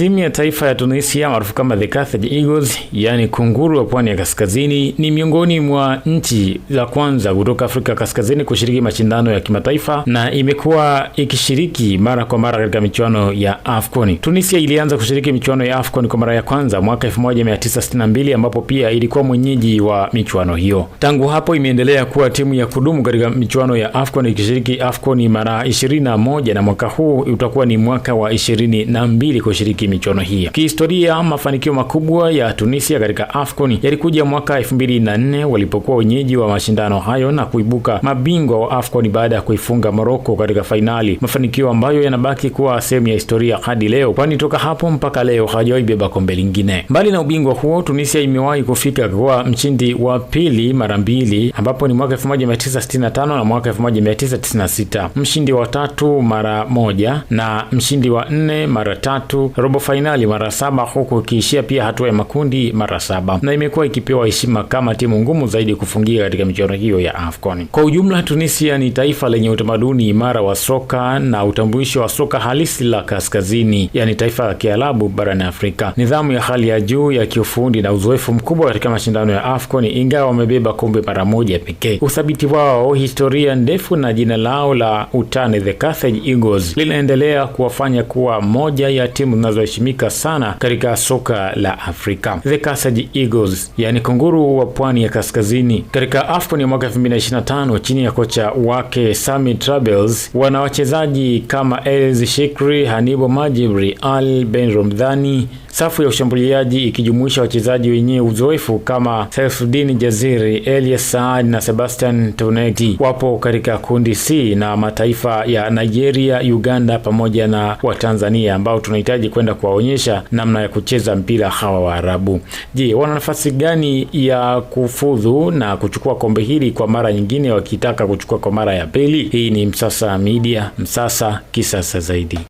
Timu ya taifa ya Tunisia maarufu kama the Carthage Eagles, yaani kunguru wa pwani ya kaskazini, ni miongoni mwa nchi za kwanza kutoka Afrika Kaskazini kushiriki mashindano ya kimataifa na imekuwa ikishiriki mara kwa mara katika michuano ya AFCON. Tunisia ilianza kushiriki michuano ya AFCON kwa mara ya kwanza mwaka 1962 ambapo pia ilikuwa mwenyeji wa michuano hiyo. Tangu hapo imeendelea kuwa timu ya kudumu katika michuano ya AFCON ikishiriki AFCON mara 21 na mwaka huu utakuwa ni mwaka wa 22 kushiriki michuano hii. Kihistoria, mafanikio makubwa ya Tunisia katika AFCON yalikuja mwaka 2004 walipokuwa wenyeji wa mashindano hayo na kuibuka mabingwa wa AFCON baada ya kuifunga Morocco katika fainali, mafanikio ambayo yanabaki kuwa sehemu ya historia hadi leo, kwani toka hapo mpaka leo hajawahi beba kombe lingine. Mbali na ubingwa huo, Tunisia imewahi kufika kwa mshindi wa pili mara mbili, ambapo ni mwaka 1965 na mwaka 1996, mshindi wa tatu mara moja na mshindi wa nne mara tatu robo robo fainali mara saba huku ikiishia pia hatua ya makundi mara saba na imekuwa ikipewa heshima kama timu ngumu zaidi kufungia katika michuano hiyo ya AFCON. Kwa ujumla, Tunisia ni taifa lenye utamaduni imara wa soka na utambulisho wa soka halisi la kaskazini, yani taifa ya Kiarabu barani Afrika. Nidhamu ya hali ya juu ya kiufundi na uzoefu mkubwa katika mashindano ya AFCON, ingawa wamebeba kombe mara moja pekee. Uthabiti wao, historia ndefu na jina lao la utane the Carthage Eagles, linaendelea kuwafanya kuwa moja ya timu zinazo zinazoheshimika sana katika soka la Afrika. The Kasaji Eagles, yani kunguru wa pwani ya kaskazini, katika AFCON ya mwaka 2025 chini ya kocha wake Sami Trabels, wana wachezaji kama Elzi Shikri, Hanibo Majibri, Al Ben Romdhani Safu ya ushambuliaji ikijumuisha wachezaji wenye uzoefu kama Saifuddin Jaziri, Elias Saad na Sebastian Tonetti wapo katika kundi C na mataifa ya Nigeria, Uganda pamoja na Watanzania ambao tunahitaji kwenda kuwaonyesha namna ya kucheza mpira hawa Waarabu. Je, wana nafasi gani ya kufudhu na kuchukua kombe hili kwa mara nyingine wakitaka kuchukua kwa mara ya pili? Hii ni Msasa Media, Msasa kisasa zaidi.